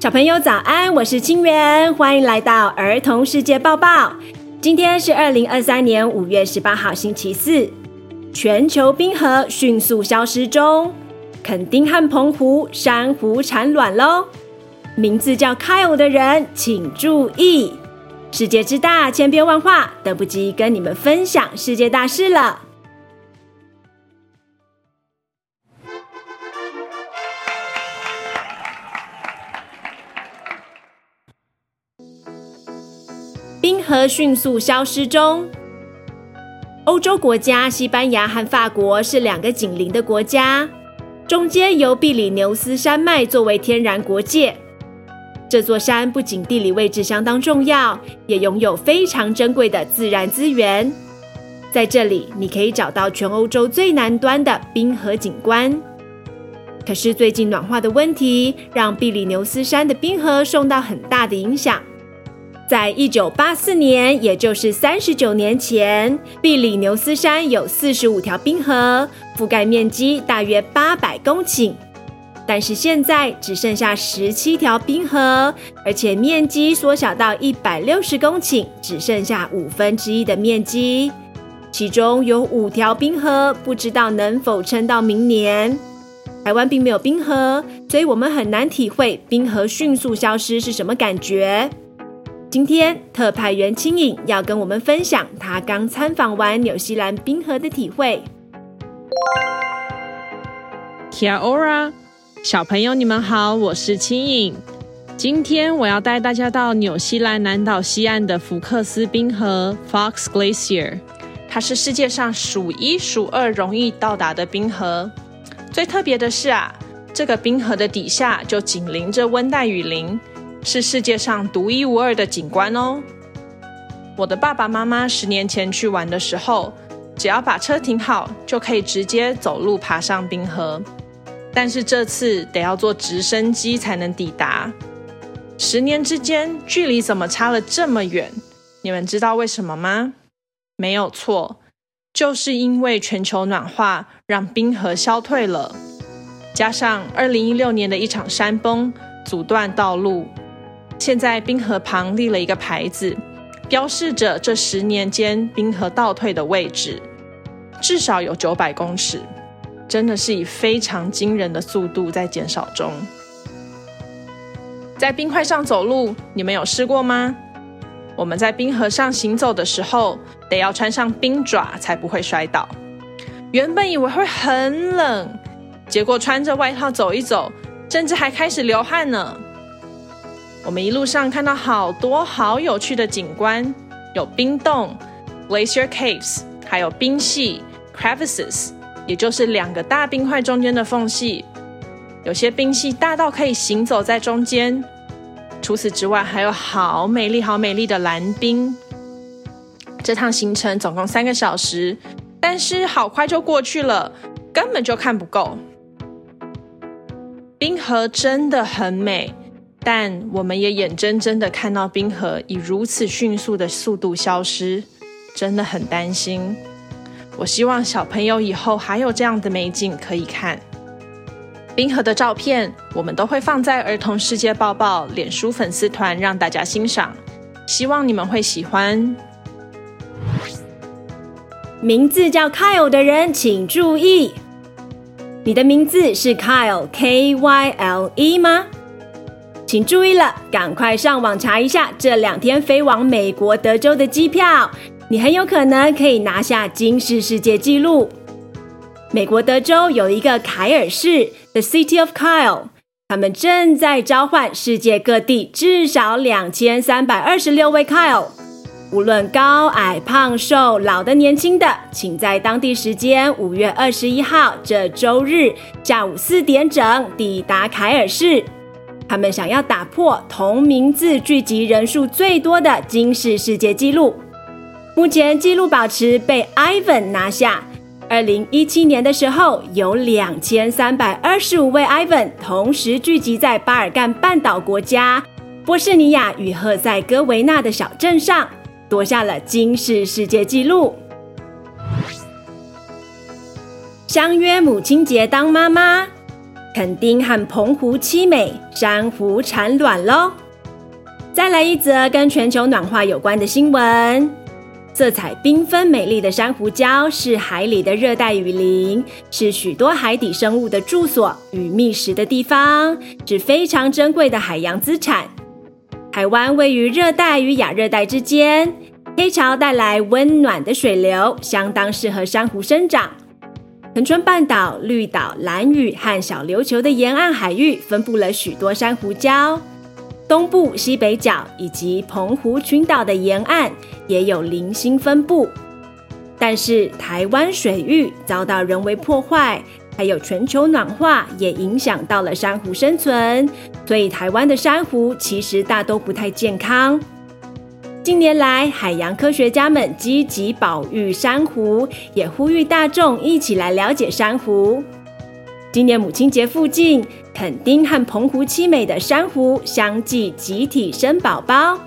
小朋友早安，我是清源，歡迎來到兒童世界報報。今天是二零二三年五月十八號星期四，全球冰河迅速消失中，墾丁和澎湖珊瑚產卵嘍。名字叫 Kyle 的人請注意，世界之大，千變萬化，等不及跟你們分享世界大事了。冰河迅速消失中。歐洲國家西班牙和法國是兩個緊鄰的國家，中間由庇里牛斯山脈作為天然國界。這座山不僅地理位置相當重要，也擁有非常珍貴的自然資源。在這裡，你可以找到全歐洲最南端的冰河景觀。可是最近暖化的問題，讓庇里牛斯山的冰河受到很大的影響。在一九八四年，也就是三十九年前，庇里牛斯山有四十五條冰河，覆蓋面積大約八百公頃。但是現在只剩下十七條冰河，而且面積縮小到一百六十公頃，只剩下五分之一的面積。其中有五條冰河不知道能否撐到明年。台灣並沒有冰河，所以我們很難體會冰河迅速消失是什麼感覺。今天特派員清影要跟我們分享她剛參訪完紐西蘭冰河的體會。Kia ora，小朋友你們好，我是清影。今天我要帶大家到紐西蘭南島西岸的福克斯冰河 （Fox Glacier），它是世界上數一數二容易到達的冰河。最特別的是啊，這個冰河的底下就緊鄰着溫帶雨林。是世界上獨一無二的景觀哦。我的爸爸媽媽十年前去玩的時候，只要把車停好，就可以直接走路爬上冰河。但是這次得要坐直升機才能抵達。十年之間，距離怎麼差了這麼遠？你們知道為什麼嗎？沒有錯，就是因為全球暖化讓冰河消退了，加上2016年的一場山崩阻斷道路。現在冰河旁立了一個牌子，標示着這十年間冰河倒退的位置，至少有九百公尺，真的是以非常驚人的速度在減少中。在冰塊上走路，你們有試過嗎？我們在冰河上行走的時候，得要穿上冰爪才不會摔倒。原本以為會很冷，結果穿着外套走一走，甚至還開始流汗呢。我們一路上看到好多好有趣的景觀，有冰洞 glacier caves，還有冰隙 crevices，也就是兩個大冰塊中間的縫隙。有些冰隙大到可以行走在中間。除此之外，還有好美麗、好美麗的藍冰。這趟行程總共三個小時，但是好快就過去了，根本就看不夠。冰河真的很美。但我們也眼睜睜的看到冰河以如此迅速的速度消失，真的很擔心。我希望小朋友以後還有這樣的美景可以看。冰河的照片我們都會放在兒童世界報報臉書粉絲團，讓大家欣賞，希望你們會喜歡。名字叫 Kyle 的人請注意，你的名字是 Kyle，K-Y-L-E 嗎？請注意了，趕快上網查一下這兩天飛往美國德州的機票，你很有可能可以拿下金氏世界紀錄。美國德州有一個凱爾市 （The City of Kyle），他們正在召喚世界各地至少兩千三百二十六位 Kyle，無論高矮胖瘦、老的年輕的，請在當地時間五月二十一號這周日下午四點整抵達凱爾市。他們想要打破同名字聚集人數最多的金氏世界紀錄。目前紀錄保持被 Ivan 拿下。二零一七年的時候，有兩千三百二十五位 Ivan 同時聚集在巴爾幹半島國家波士尼亞與赫塞哥維納的小鎮上，奪下了金氏世界紀錄。相約母親節，當媽媽。墾丁和澎湖七美珊瑚產卵嘍！再來一則跟全球暖化有關的新聞：色彩繽紛、美麗的珊瑚礁是海裡的熱帶雨林，是許多海底生物的住所與覓食的地方，是非常珍貴的海洋資產。台灣位於熱帶與亞熱帶之間，黑潮帶來溫暖的水流，相當適合珊瑚生長。恆春半島、綠島、蘭嶼和小琉球的沿岸海域分布了許多珊瑚礁，東部西北角以及澎湖群島的沿岸也有零星分布。但是，台灣水域遭到人為破壞，還有全球暖化也影響到了珊瑚生存，所以台灣的珊瑚其實大都不太健康。近年來，海洋科學家們積極保育珊瑚，也呼籲大眾一起來了解珊瑚。今年母親節附近，墾丁和澎湖七美的珊瑚相繼集體生寶寶。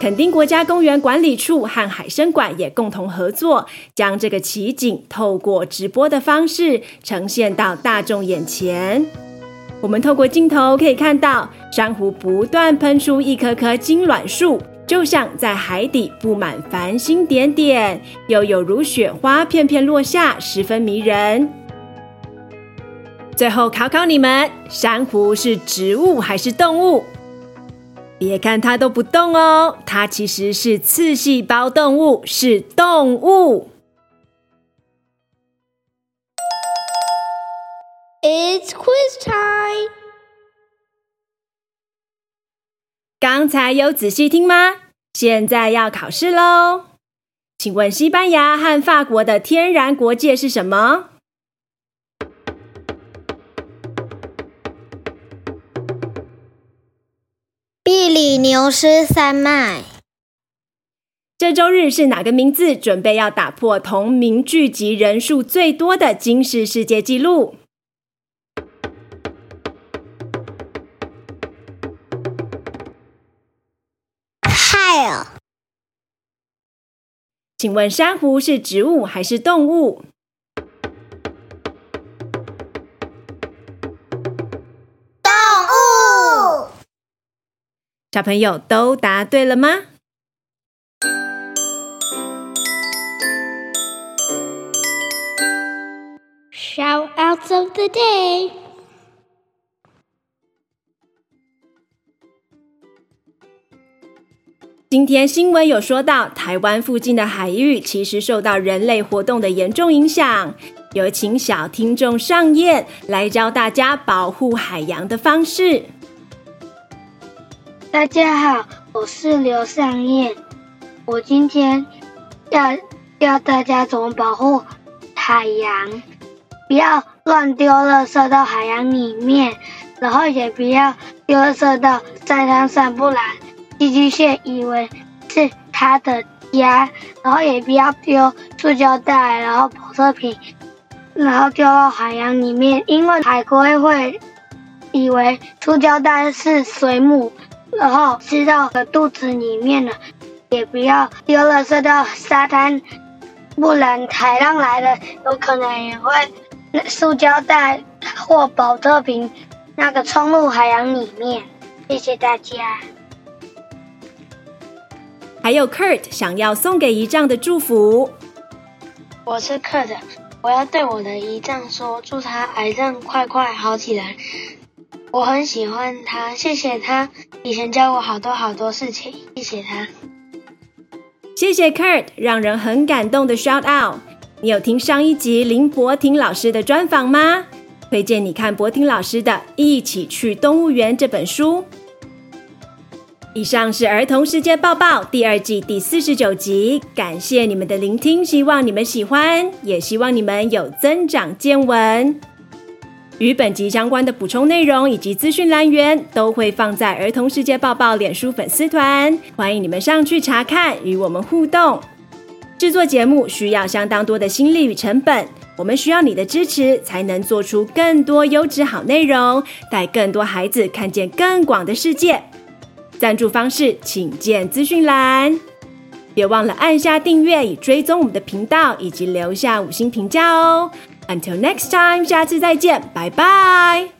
墾丁國家公園管理處和海生館也共同合作，將這個奇景透過直播的方式呈現到大眾眼前。我們透過鏡頭可以看到，珊瑚不斷噴出一顆顆精卵束。就像在海底佈滿繁星點點，又有如雪花片片落下，十分迷人。最後考考你們：珊瑚是植物還是動物？別看它都不動哦，它其實是刺細胞動物，是動物。It's quiz time. 剛才有仔細聽嗎？現在要考試嘍，請問西班牙和法國的天然國界是什麼？庇里牛斯山脈。這周日是哪個名字準備要打破同名聚集人數最多的金氏世界紀錄？請問珊瑚是植物還是動物？動物。小朋友都答對了嗎？Shout outs of the day。今天新聞有說到，台灣附近的海域其實受到人類活動的嚴重影響。有請小聽眾尚燕來教大家保護海洋的方式。大家好，我是劉尚燕，我今天要教大家怎麼保護海洋，不要亂丟垃圾到海洋裡面，然後也不要丟垃圾到沙灘上散來，不然，寄居蟹以為是它的家，然後也不要丟塑膠袋，然後保特瓶，然後丟到海洋裡面，因為海龜會以為塑膠袋是水母，然後吃到的肚子裡面了，也不要丟垃圾到沙灘，不然海浪來了，有可能也會塑膠袋或保特瓶那個衝入海洋裡面。謝謝大家。還有 Kurt 想要送給姨丈的祝福。我是 Kurt，我要對我的姨丈說，祝他癌症快快好起來。我很喜歡他，謝謝他，以前教我好多好多事情，謝謝他。謝謝 Kurt，讓人很感動的 shout out。你有聽上一集林柏廷老師的專訪嗎？推薦你看柏廷老師的一起去動物園這本書。以上是《兒童世界報報》第二季第四十九集，感謝你們的聆聽，希望你們喜歡，也希望你們有增長見聞。與本集相關的補充內容以及資訊來源，都會放在《兒童世界報報》臉書粉絲團，歡迎你們上去查看與我們互動。制作節目需要相當多的心力與成本，我們需要你的支持，才能做出更多優質好內容，帶更多孩子看見更廣的世界。贊助方式，請見資訊欄。別忘了按下訂閱，以追蹤我們的頻道，以及留下五星評價哦。Until next time，下次再見，拜拜。